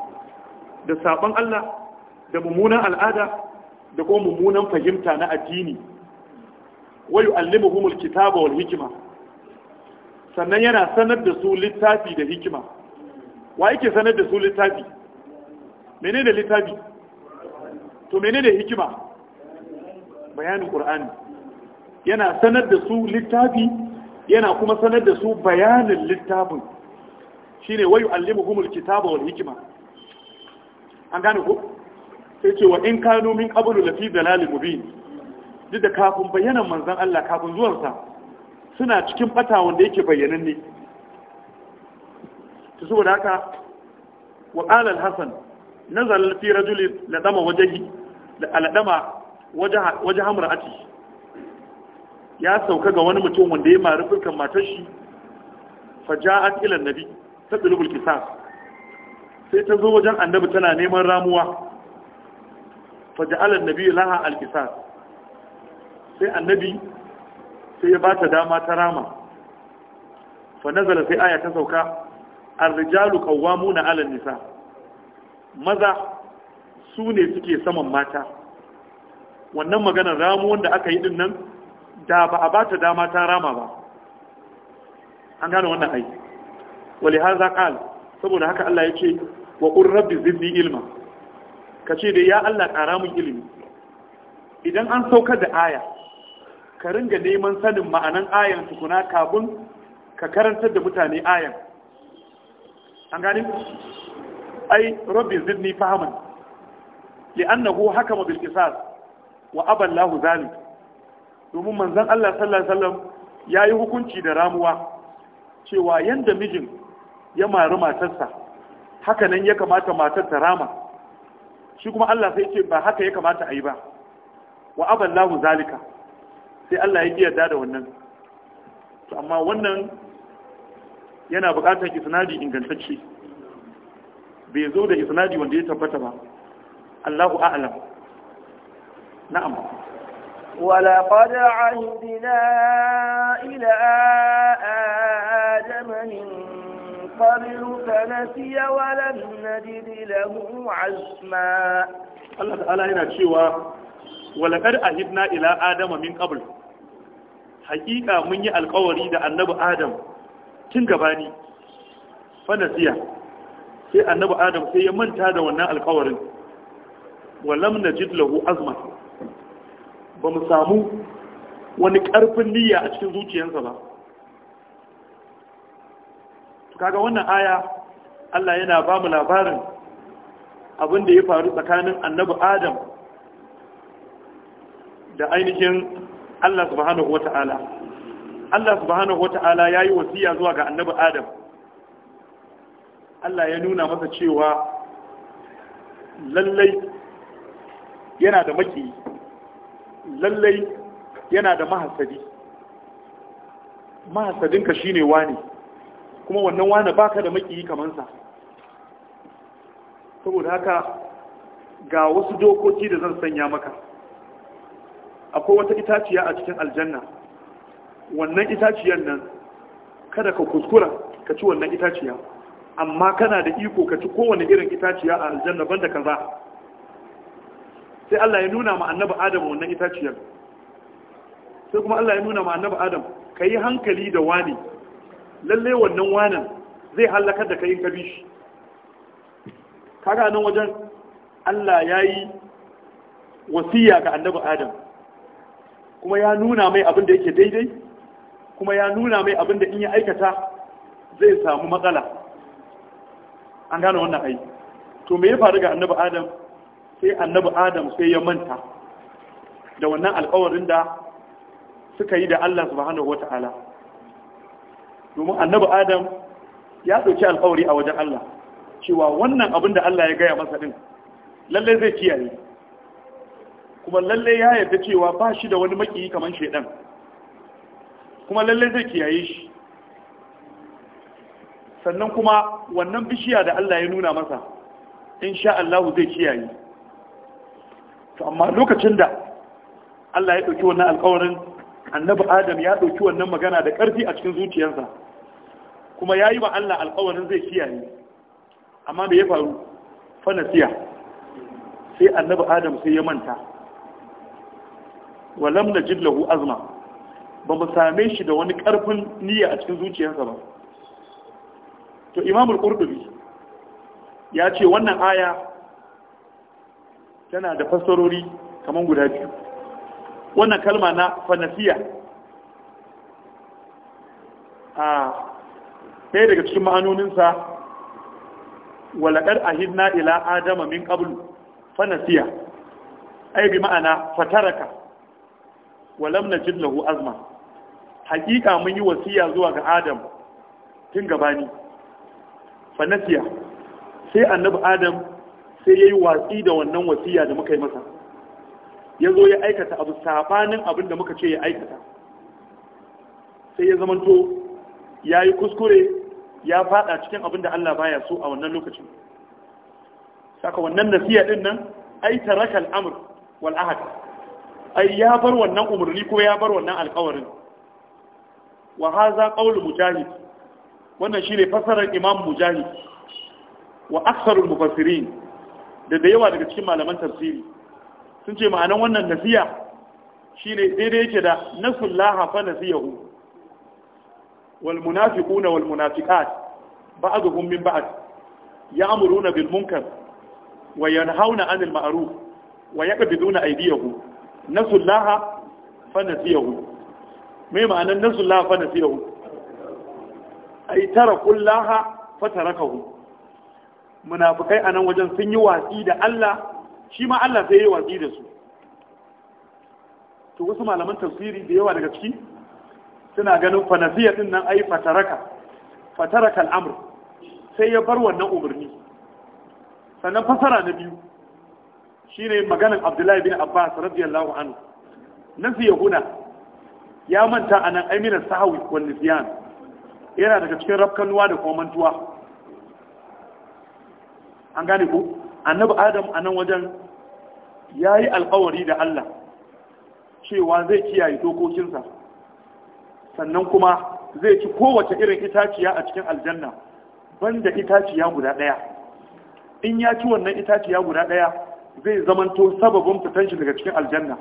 Speaker 1: da sabon Allah da mummunan al'ada da kuma mummunan fahimta na addini wayu allimuhumul kitaba wal hikima sannan yana sanar da su littafi da hikima wa yake sanar da su littafi menene littafi to menene hikima bayanin qur'ani yana sanar da su littafi yana kuma sanar da su bayanin littafin shine wayu allimuhumul kitaba wal hikima an gane ko sai ce wa in kanu min qablu lafi dalalin mubin duk da kafin bayanan manzon Allah kafin zuwansa suna cikin bata wanda yake bayyananne. ne to saboda haka wa qala al-hasan nazal fi rajulin ladama wajhi da aladama waje hamra ati ya sauka ga wani mutum wanda ya mara fulkan matar shi a ƙilan nabi ta tsulubul kisas sai ta zo wajen annabi tana neman ramuwa alan nabi laha al kisas sai annabi sai ya bata dama ta rama fa nazala sai aya ta sauka ar-rijalu qawwamuna 'ala an-nisa maza su ne suke saman mata wannan magana ramu da aka yi din nan da ba a bata dama ta rama ba an gane wannan ai wali haza qal saboda haka Allah yake wa qur rabbi zidni ilma kace da ya Allah ƙara min ilimi idan an saukar da aya ka ringa neman sanin ma'anan ayan tukuna kafin ka karantar da mutane ayan an gane ai rabbi zidni fahimta li'annahu hakama bil qisas wa aballahu zalik domin manzon Allah sallallahu alaihi wasallam yayi hukunci da ramuwa cewa yanda mijin ya mari matarsa haka nan ya kamata matar ta rama shi kuma Allah sai ce ba haka ya kamata a yi ba wa aballahu zalika sai Allah ya yarda da wannan to amma wannan yana buƙatar isnadi ingantacce bai zo da isnadi wanda ya tabbata ba الله أعلم نعم
Speaker 2: ولقد عهدنا إلى آدم من قبل فنسي ولم نجد له عزما الله تعالى هنا شوى
Speaker 1: ولقد عهدنا إلى آدم من قبل حقيقة من alƙawari da annabi آدم tun gabani fanasiya sai annabi Adam sai ya manta da wannan alƙawarin walam na najid lahu azma ba mu samu wani ƙarfin niyya a cikin zuciyarsa ba kaga wannan aya Allah yana ba mu labarin abin da ya faru tsakanin annabi Adam da ainihin Allah subhanahu wata'ala Allah subhanahu wata'ala yayi wasiya zuwa ga annabi Adam Allah ya nuna masa cewa lallai yana da maki lallai yana da mahasadi mahasadinka shine wani kuma wannan wani baka da maki kamansa saboda haka ga wasu dokoki da zan sanya maka akwai wata itaciya a cikin aljanna wannan itaciyar nan kada ka kuskura ka ci wannan itaciya amma kana da iko ka ci kowane irin itaciya a aljanna banda kaza sai Allah ya nuna ma annabi Adam wannan itaciyar sai kuma Allah ya nuna ma annabi Adam ka yi hankali da wani lalle wannan wanan zai halakar da kayin kabi shi kaga nan wajen Allah ya yi wasiya ga annabi Adam kuma ya nuna mai abin da yake daidai kuma ya nuna mai abin da in ya aikata zai samu matsala an gane wannan ai to me ya faru ga annabi Adam sai annabi adam sai ya manta da wannan alkawarin da suka yi da Allah subhanahu wata'ala domin annabi adam ya ɗauki alkawari a wajen Allah cewa wannan abin da Allah ya gaya masa din, lalle zai kiyaye kuma lalle ya yarda cewa ba shi da wani makiyi kamar shedan kuma lalle zai kiyaye shi sannan kuma wannan bishiya da Allah ya nuna masa in sha Allah zai kiyaye to amma lokacin da Allah ya ɗauki wannan alƙawarin annabi Adam ya ɗauki wannan magana da ƙarfi a cikin zuciyarsa kuma ya yi wa Allah alƙawarin zai kiyaye amma me ya faru fanasiya sai annabi Adam sai ya manta walam najid lahu azma ba mu same shi da wani ƙarfin niyya a cikin zuciyarsa ba to imamul qurtubi ya ce wannan aya tana da fassarori kamar guda biyu wannan kalma na fanafiya a ɗaya daga cikin ma'anoninsa a ahidna ila adama min ƙablu fanasiya ai bi ma'ana fataraka walam na lahu azma hakika mun yi wasiya zuwa ga adam tun gabani fanasiya sai annabi adam sai ya yi watsi da wannan wasiya da muka yi masa ya zo ya aikata abu sabanin abin da muka ce ya aikata sai ya zamanto ya yi kuskure ya fada cikin abin da Allah baya so a wannan lokacin saka wannan nasiya din nan ai taraka al'amr wal ahad ai ya bar wannan umarni ko ya bar wannan alkawarin wa haza qawl mujahid wannan shine fasarar imam mujahid wa aktharul mufassirin da da yawa daga cikin malaman tafsiri sun ce ma'anan wannan nasiya shine daidai yake da nasullaha fa nasiyahu wal munafiquna wal munafiqat ba'dhum min ba'd ya'muruna bil munkar wa yanhauna 'anil ma'ruf wa yaqbiduna aydiyahum nasullaha fa nasiyahu me ma'anan nasullaha fa nasiyahu ay tarakullaha fa tarakahu munafukai a nan wajen sun yi watsi da Allah shi ma Allah sai yi watsi da su to wasu malaman tafsiri da yawa daga ciki suna ganin fanafiya din nan ai fataraka fataraka al'amr sai ya bar wannan umarni sannan fasara na biyu shine maganan Abdullahi bin Abbas radiyallahu anhu nasi yahuna ya manta anan aminar sahawi wal nisyan yana daga cikin rafkanuwa da kuma mantuwa an gane ku annabi adam a nan wajen ya yi alkawari da allah cewa zai kiyaye dokokinsa sannan kuma zai ci kowace irin itaciya a cikin aljanna banda itaciya guda ɗaya in ya ci wannan itaciya guda ɗaya zai zamanto sababin fitan shi daga cikin aljanna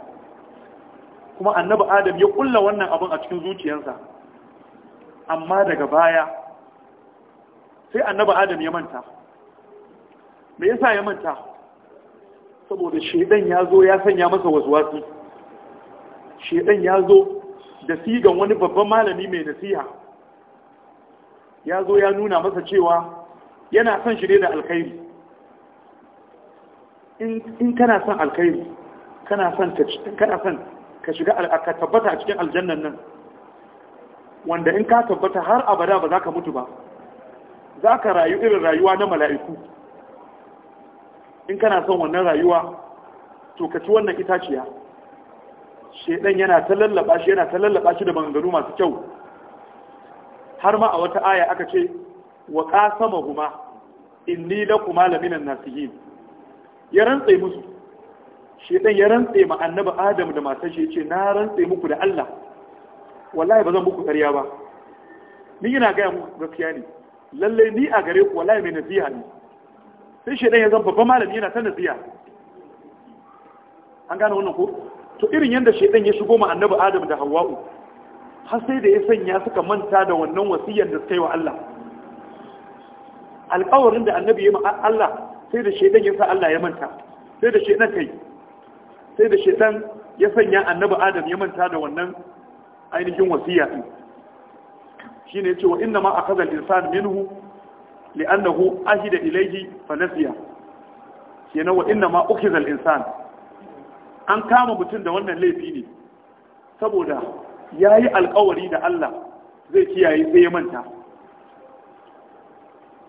Speaker 1: kuma annabi adam ya kulla wannan abin a cikin zuciyarsa amma daga baya sai annabi adam ya manta me yasa ya manta saboda shedan ya zo ya sanya masa waswasi shedan ya zo da sigan wani babban malami mai nasiha ya zo ya nuna masa cewa yana son shi ne da alkhairi in kana son alkhairi kana son ka shiga ka tabbata a cikin aljannan nan wanda in ka tabbata har abada ba za ka mutu ba za ka rayu irin rayuwa na mala'iku in kana son wannan rayuwa to ka ci wannan itaciya shedan yana ta lallaba shi yana ta lallaba shi da bangaru masu kyau har ma a wata aya aka ce wa qasama huma inni lakuma minan nasihin ya rantsa musu shedan ya rantse ma annabi adam da matar shi yace na rantse muku da Allah wallahi ba zan muku ƙarya ba ni ina ga mu gaskiya ne lalle ni a gare ku wallahi mai nasiha ne sai shedan ya zama babban malami yana ta nasiya an gane wannan ko to irin yadda shedan ya shigo ma annabi adam da hawa'u har sai da ya sanya suka manta da wannan wasiyyar da suka yi wa Allah alƙawarin da annabi ya ma Allah sai da shedan ya sa Allah ya manta sai da shedan kai sai da shedan ya sanya annabi adam ya manta da wannan ainihin wasiya din shine ce wa inna ma akhadha al-insan minhu li'annahu ahida ilayhi fa kenan wa inna ma ukhiza al-insan an kama mutum da wannan laifi ne saboda yayi alƙawari da Allah zai kiyaye sai ya manta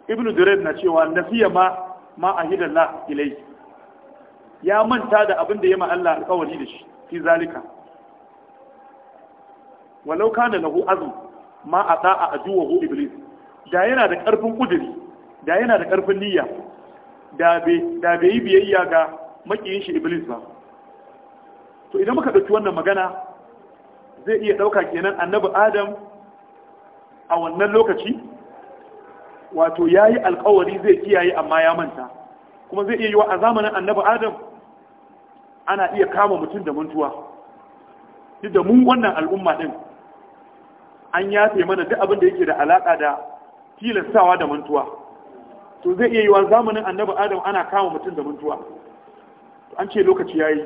Speaker 1: ibnu durayd na cewa nasiya ma ma ahida la ilayhi ya manta da abinda da ya ma Allah alƙawari da shi fi zalika walau kana lahu azm ma ata'a ajuwahu iblis da yana da ƙarfin ƙudiri da yana da ƙarfin niyya da bai yi biyayya ga makiyin shi iblis ba to idan muka ɗauki wannan magana zai iya ɗauka kenan annabi adam a wannan lokaci wato ya yi alkawari zai kiyaye amma ya manta kuma zai iya yi wa a zamanin annabi adam ana iya kama mutum da mantuwa duk da mun wannan al'umma ɗin an yafe mana duk abin da yake da alaƙa da tilastawa da mantuwa to zai iya yiwa zamanin annabi adam ana kama mutum da mantuwa To an ce lokaci yayi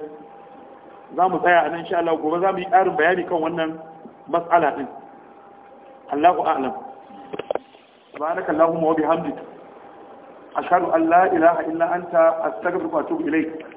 Speaker 1: za mu tsaya a nan insha Allah gobe za mu yi ƙarin bayani kan wannan mas'ala din Allahu a'lam subhanaka allahumma wa bihamdika ashhadu an la ilaha illa anta astaghfiruka wa atubu ilayk